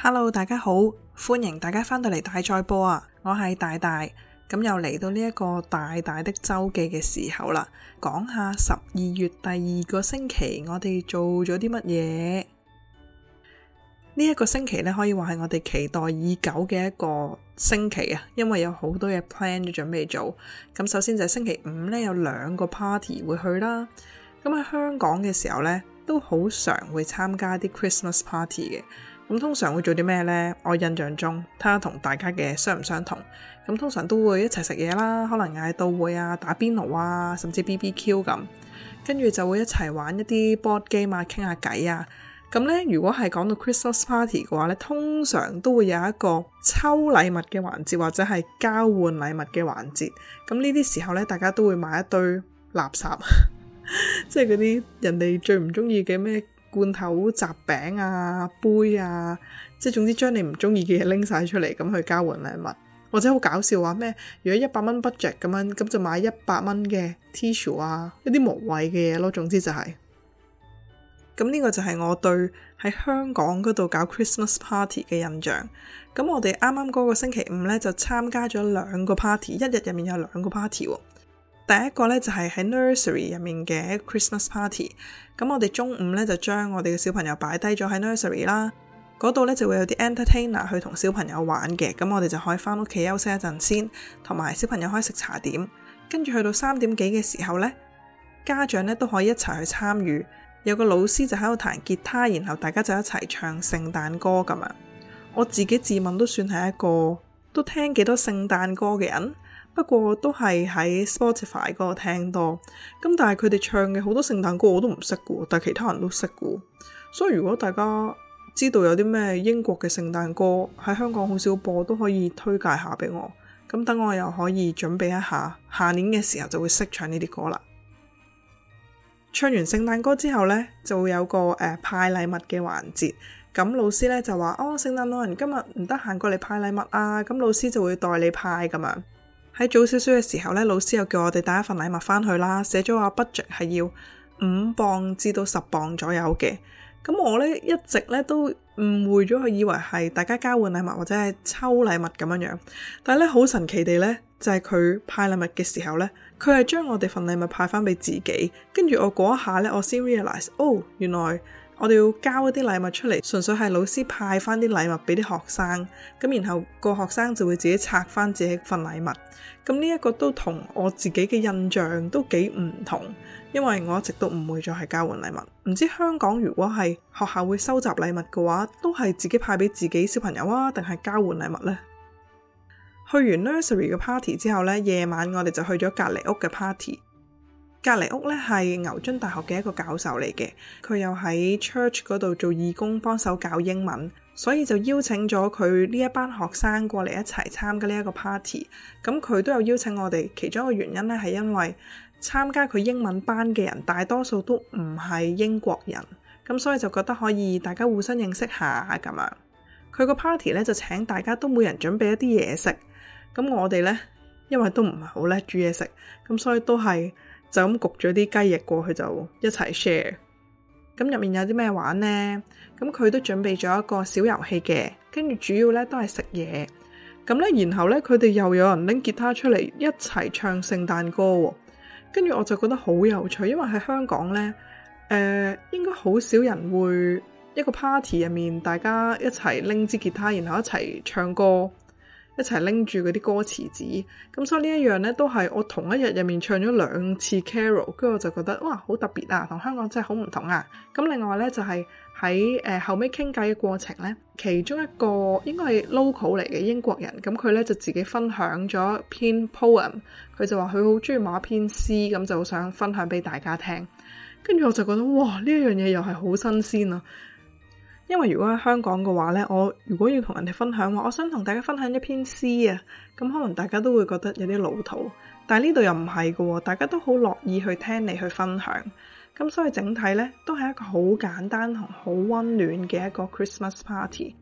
Hello，大家好，歡迎大家翻到嚟大賽波啊！我係大大，咁又嚟到呢一個大大的周記嘅時候啦，講下十二月第二個星期我哋做咗啲乜嘢？呢、這個、一個星期咧，可以話係我哋期待已久嘅一個星期啊，因為有好多嘢 plan 都準備做。咁首先就係星期五咧，有兩個 party 會去啦。咁喺香港嘅時候呢，都好常會參加啲 Christmas party 嘅。咁通常會做啲咩呢？我印象中，睇下同大家嘅相唔相同。咁通常都會一齊食嘢啦，可能嗌到會啊、打邊爐啊，甚至 BBQ 咁。跟住就會一齊玩一啲 board game 啊、傾下偈啊。咁呢，如果係講到 Christmas party 嘅話呢，通常都會有一個抽禮物嘅環節，或者係交換禮物嘅環節。咁呢啲時候呢，大家都會買一堆垃圾。 即係嗰啲人哋最唔中意嘅咩罐頭雜餅啊杯啊、即係總之將你唔中意嘅嘢拎晒出嚟咁去交換禮物，或者好搞笑話咩？如果一百蚊 budget 咁樣，咁就買、啊、一百蚊嘅 tissue 啊一啲無謂嘅嘢咯。總之就係咁，呢個就係我對喺香港嗰度搞 Christmas party 嘅印象。咁我哋啱啱嗰個星期五呢，就參加咗兩個 party，一日入面有兩個 party。第一個咧就係喺 Nursery 入面嘅 Christmas party，咁我哋中午咧就將我哋嘅小朋友擺低咗喺 Nursery 啦，嗰度咧就會有啲 entertainer 去同小朋友玩嘅，咁我哋就可以翻屋企休息一陣先，同埋小朋友可以食茶點，跟住去到三點幾嘅時候咧，家長咧都可以一齊去參與，有個老師就喺度彈吉他，然後大家就一齊唱聖誕歌咁啊！我自己自問都算係一個都聽幾多聖誕歌嘅人。不過都係喺 Spotify 嗰度聽多，咁但係佢哋唱嘅好多聖誕歌我都唔識嘅喎，但係其他人都識嘅喎，所以如果大家知道有啲咩英國嘅聖誕歌喺香港好少播，都可以推介下俾我，咁等我又可以準備一下，下年嘅時候就會識唱呢啲歌啦。唱完聖誕歌之後呢，就會有個誒、呃、派禮物嘅環節，咁老師呢就話：哦，聖誕老人今日唔得閒過嚟派禮物啊，咁老師就會代你派咁樣。喺早少少嘅時候呢，老師又叫我哋帶一份禮物翻去啦，寫咗個 budget 係要五磅至到十磅左右嘅。咁我呢，一直呢都誤會咗佢，以為係大家交換禮物或者係抽禮物咁樣樣。但係咧好神奇地呢，就係佢派禮物嘅時候呢，佢係將我哋份禮物派翻俾自己，跟住我嗰一下呢，我先 realize，哦，原來。我哋要交一啲禮物出嚟，純粹係老師派翻啲禮物俾啲學生，咁然後個學生就會自己拆翻自己份禮物。咁呢一個都同我自己嘅印象都幾唔同，因為我一直都唔會再係交換禮物。唔知香港如果係學校會收集禮物嘅話，都係自己派俾自己小朋友啊，定係交換禮物呢？去完 nursery 嘅 party 之後呢，夜晚我哋就去咗隔離屋嘅 party。隔籬屋咧，係牛津大學嘅一個教授嚟嘅，佢又喺 church 嗰度做義工，幫手教英文，所以就邀請咗佢呢一班學生過嚟一齊參加呢一個 party。咁佢都有邀請我哋，其中一個原因咧，係因為參加佢英文班嘅人大多數都唔係英國人，咁所以就覺得可以大家互相認識下咁樣。佢個 party 咧，就請大家都每人準備一啲嘢食，咁我哋咧，因為都唔係好叻煮嘢食，咁所以都係。就咁焗咗啲雞翼過去就一齊 share。咁入面有啲咩玩呢？咁佢都準備咗一個小遊戲嘅，跟住主要咧都係食嘢。咁咧，然後咧佢哋又有人拎吉他出嚟一齊唱聖誕歌喎。跟住我就覺得好有趣，因為喺香港咧，誒、呃、應該好少人會一個 party 入面大家一齊拎支吉他，然後一齊唱歌。一齊拎住嗰啲歌詞紙，咁所以呢一樣呢，都係我同一日入面唱咗兩次 carol，跟住我就覺得哇好特別啊，同香港真係好唔同啊！咁另外呢，就係喺誒後尾傾偈嘅過程呢，其中一個應該係 local 嚟嘅英國人，咁佢呢，就自己分享咗一篇 poem，佢就話佢好中意某一篇詩，咁就想分享俾大家聽，跟住我就覺得哇呢一樣嘢又係好新鮮啊！因為如果喺香港嘅話呢，我如果要同人哋分享話，我想同大家分享一篇詩啊，咁可能大家都會覺得有啲老土，但係呢度又唔係嘅喎，大家都好樂意去聽你去分享，咁所以整體呢，都係一個好簡單同好溫暖嘅一個 Christmas party。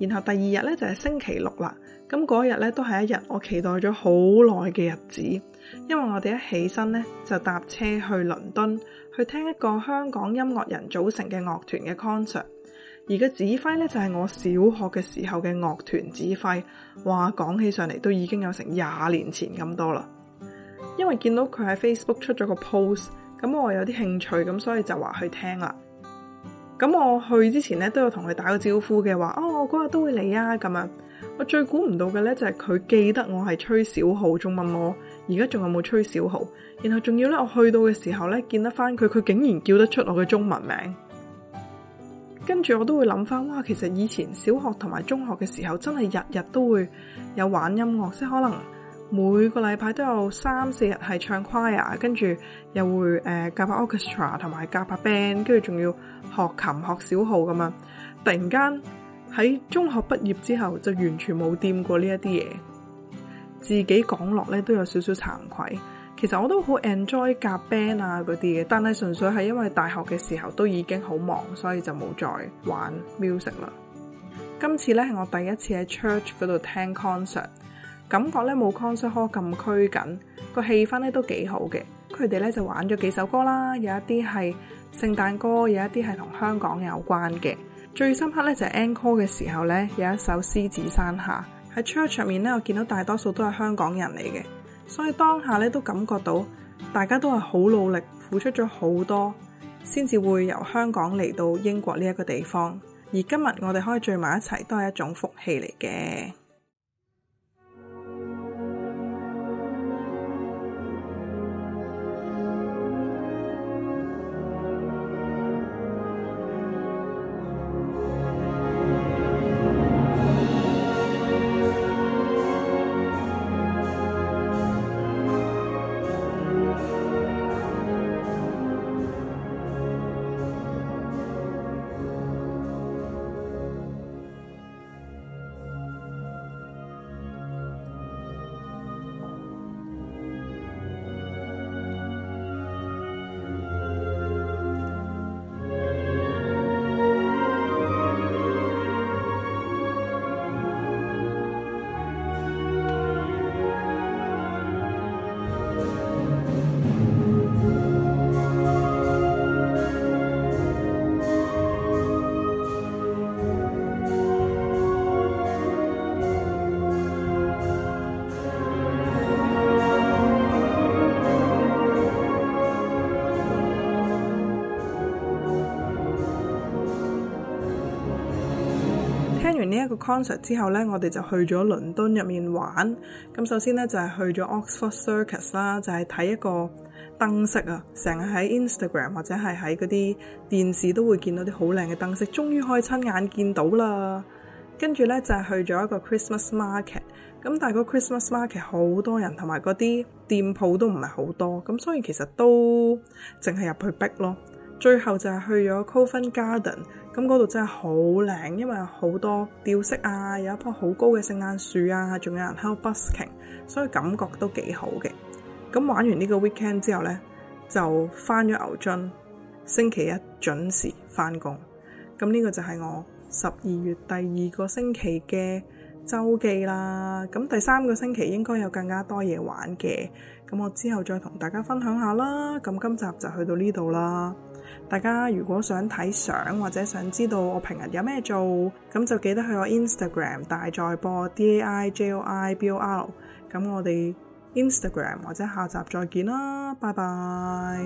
然後第二日咧就係星期六啦，咁嗰日咧都係一日我期待咗好耐嘅日子，因為我哋一起身咧就搭車去倫敦去聽一個香港音樂人組成嘅樂團嘅 concert，而個指揮咧就係我小學嘅時候嘅樂團指揮，哇，講起上嚟都已經有成廿年前咁多啦，因為見到佢喺 Facebook 出咗個 post，咁我有啲興趣，咁所以就話去聽啦。咁我去之前咧，都有同佢打個招呼嘅，話哦，我嗰日都會嚟啊，咁啊。我最估唔到嘅咧，就係佢記得我係吹小號，仲問我而家仲有冇吹小號，然後仲要咧，我去到嘅時候咧，見得翻佢，佢竟然叫得出我嘅中文名。跟住我都會諗翻，哇，其實以前小學同埋中學嘅時候，真係日日都會有玩音樂，即係可能。每個禮拜都有三四日係唱 choir 跟住又會誒夾下 orchestra 同埋夾下 band，跟住仲要學琴學小號咁啊！突然間喺中學畢業之後就完全冇掂過呢一啲嘢，自己講落咧都有少少慚愧。其實我都好 enjoy 夾 band 啊嗰啲嘅，但係純粹係因為大學嘅時候都已經好忙，所以就冇再玩 music 啦。今次咧係我第一次喺 church 嗰度聽 concert。感覺咧冇 concert hall 咁拘謹，個氣氛咧都幾好嘅。佢哋咧就玩咗幾首歌啦，有一啲係聖誕歌，有一啲係同香港有關嘅。最深刻咧就係 encore 嘅時候咧，有一首《獅子山下》喺 church 入面咧，我見到大多數都係香港人嚟嘅，所以當下咧都感覺到大家都係好努力付出咗好多，先至會由香港嚟到英國呢一個地方。而今日我哋可以聚埋一齊，都係一種福氣嚟嘅。一個 concert 之後呢，我哋就去咗倫敦入面玩。咁首先呢，就係去咗 Oxford Circus 啦，就係睇一個燈飾啊，成日喺 Instagram 或者係喺嗰啲電視都會見到啲好靚嘅燈飾，終於可以親眼見到啦。跟住呢，就係去咗一個 Christmas Market。咁但係個 Christmas Market 好多人，同埋嗰啲店鋪都唔係好多，咁所以其實都淨係入去逼咯。最後就係去咗 Covent Garden，咁嗰度真係好靚，因為好多吊飾啊，有一棵好高嘅聖誕樹啊，仲有人喺度 busking，所以感覺都幾好嘅。咁玩完呢個 weekend 之後呢，就翻咗牛津，星期一準時翻工。咁呢個就係我十二月第二個星期嘅週記啦。咁第三個星期應該有更加多嘢玩嘅，咁我之後再同大家分享下啦。咁今集就去到呢度啦。大家如果想睇相或者想知道我平日有咩做，咁就記得去我 Instagram 大在播 D A I J O I B O R。咁我哋 Instagram 或者下集再見啦，拜拜。